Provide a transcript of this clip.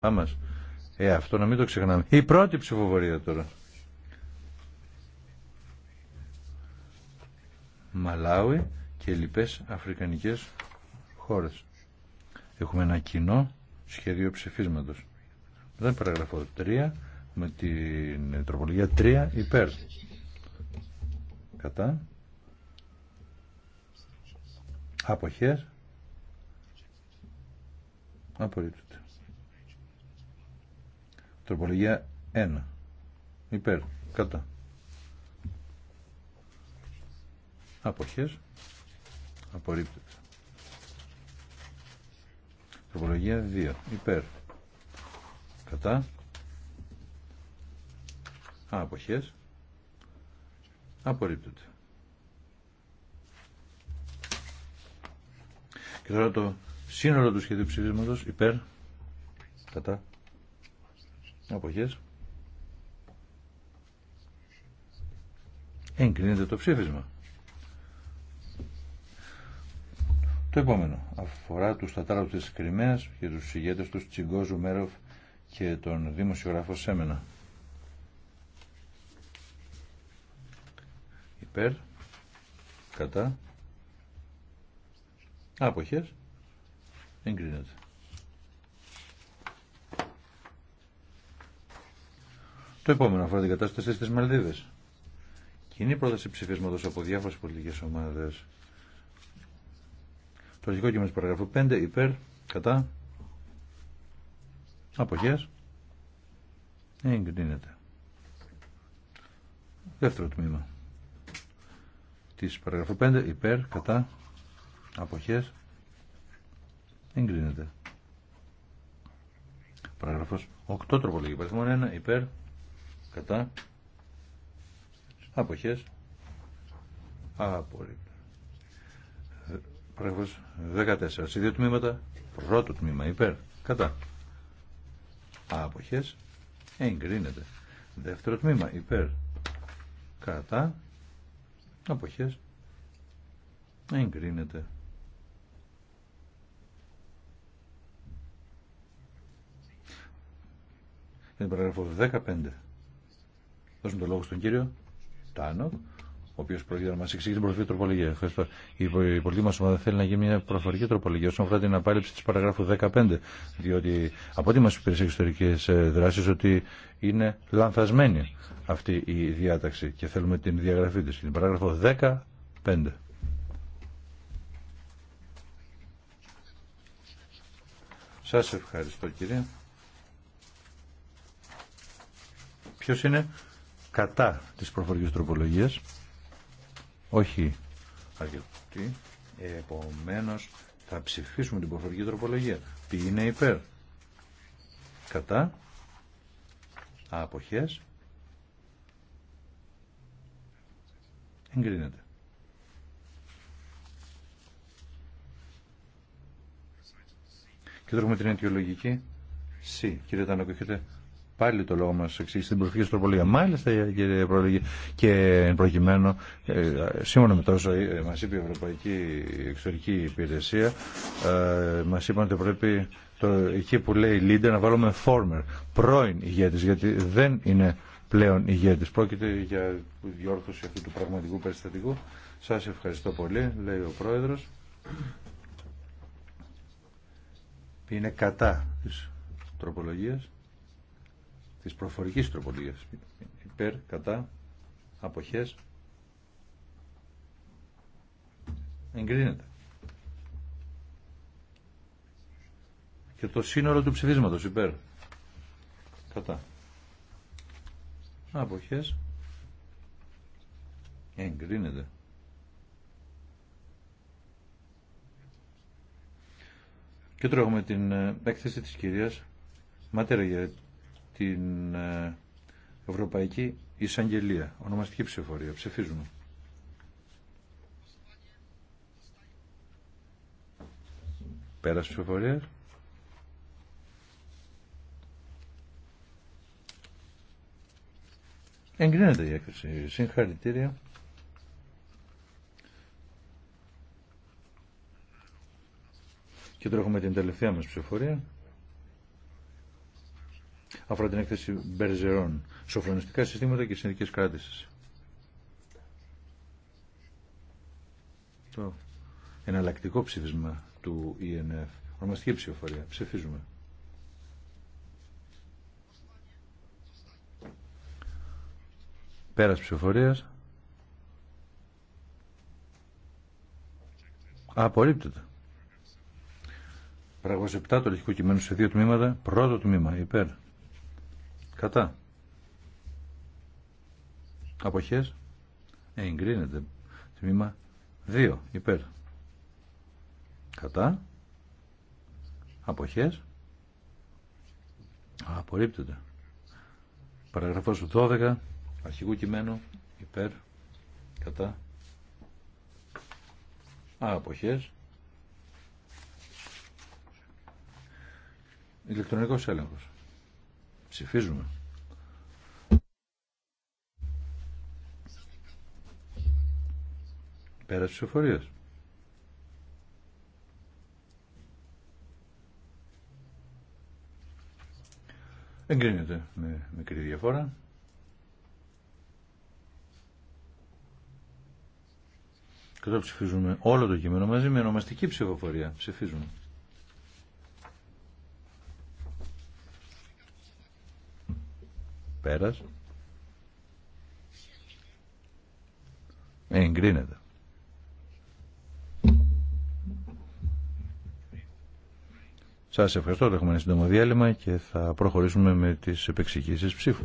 μας. Ε, αυτό να μην το ξεχνάμε. Η πρώτη ψηφοφορία τώρα. Μαλάουι και λοιπές αφρικανικές χώρες. Έχουμε ένα κοινό σχέδιο ψηφίσματος. Δεν παραγραφώ 3 με την τροπολογία 3 υπέρ. Κατά. Αποχές. Απορρίπτεται. Τροπολογία 1. Υπέρ. Κατά. Αποχές. Απορρίπτεται. Τροπολογία 2. Υπέρ. Κατά. αποχές. Απορρίπτεται. Και τώρα το σύνολο του σχεδίου ψηφίσματος υπέρ. Κατά. Αποχές. Εγκρίνεται το ψήφισμα. Το επόμενο αφορά τους τατάρους της Κρυμαίας και τους ηγέτες τους Τσιγκόζου Μέροφ και τον δημοσιογράφο Σέμενα. Υπέρ, κατά, άποχες, εγκρίνεται. Το επόμενο αφορά την κατάσταση στις Μαλδίβες. Κοινή πρόταση ψηφίσματο από διάφορε πολιτικέ ομάδε. Το αρχικό κείμενο παραγραφού 5 υπέρ, κατά, απόχέ, εγκρίνεται. Δεύτερο τμήμα Τη παραγραφού 5 υπέρ, κατά, αποχέ, εγκρίνεται. Παραγραφός 8 τροπολογική παριθμών 1 υπέρ, κατά αποχές απορρίπτεται. Παραγωγός 14. Σε δύο τμήματα πρώτο τμήμα υπέρ κατά άποχέ. εγκρίνεται. Δεύτερο τμήμα υπέρ κατά απόχέ. εγκρίνεται. Είναι παραγραφό 15 δώσουμε το λόγο στον κύριο Τάνο, ο οποίο πρόκειται να μα εξηγήσει την προφορική τροπολογία. Ευχαριστώ. Η πολιτική μα ομάδα θέλει να γίνει μια προφορική τροπολογία όσον αφορά την απάλληψη τη παραγράφου 15. Διότι από ό,τι μα υπηρεσίε εξωτερικέ ε, δράσει ότι είναι λανθασμένη αυτή η διάταξη και θέλουμε την διαγραφή τη. Την παράγραφο 15. Σας ευχαριστώ κύριε. Ποιο είναι κατά της προφορικής τροπολογίας. Όχι αρκετή. Επομένως θα ψηφίσουμε την προφορική τροπολογία. Ποιοι είναι υπέρ. Κατά. Αποχές. Εγκρίνεται. Και τώρα έχουμε την αιτιολογική. Σι, κύριε Τάνοκο, έχετε πάλι το λόγο μας εξήγησε την προσφυγή τροπολογία. Μάλιστα κύριε Πρόεδρε, και εν προκειμένου ε, σύμφωνα με τόσο ε, μας είπε η Ευρωπαϊκή Εξωτερική Υπηρεσία ε, μας είπαν ότι πρέπει το, εκεί που λέει leader να βάλουμε former, πρώην ηγέτης γιατί δεν είναι πλέον ηγέτης. Πρόκειται για διόρθωση αυτού του πραγματικού περιστατικού. Σας ευχαριστώ πολύ, λέει ο Πρόεδρος. Είναι κατά της τροπολογίας της προφορικής τροπολογίας. Υπέρ, κατά, αποχές, εγκρίνεται. Και το σύνολο του ψηφίσματος υπέρ. Κατά. Αποχές. Εγκρίνεται. Και τώρα έχουμε την ε, έκθεση της κυρίας Ματέρα για την ε, Ευρωπαϊκή Εισαγγελία. Ονομαστική ψηφορία. Ψηφίζουμε. Πέρας ψηφοφορία. Εγκρίνεται η έκθεση. Συγχαρητήρια. Και τώρα έχουμε την τελευταία μας ψηφοφορία αφορά την έκθεση Μπερζερών, σοφρονιστικά συστήματα και συνδικέ κράτηση. Το εναλλακτικό ψήφισμα του ΙΕΝΕΦ, ονομαστική ψηφοφορία, ψηφίζουμε. Πέρας ψηφοφορίας. Απορρίπτεται. Παραγωγός 7 το λογικό κειμένο σε δύο τμήματα. Πρώτο τμήμα υπέρ. Κατά. Αποχές. Ε, εγκρίνεται. Τμήμα 2. Υπέρ. Κατά. Αποχές. Απορρίπτεται. Παραγραφός 12. Αρχικού κειμένου. Υπέρ. Κατά. Αποχές. Ηλεκτρονικός έλεγχος. Ψηφίζουμε. Πέρα της ψηφορίας. Εγκρίνεται με μικρή διαφορά. Και τώρα ψηφίζουμε όλο το κείμενο μαζί με ονομαστική ψηφοφορία. Ψηφίζουμε. Πέρας. Εγκρίνεται. Σας ευχαριστώ. Έχουμε ένα σύντομο διάλειμμα και θα προχωρήσουμε με τις επεξηγήσεις ψήφου.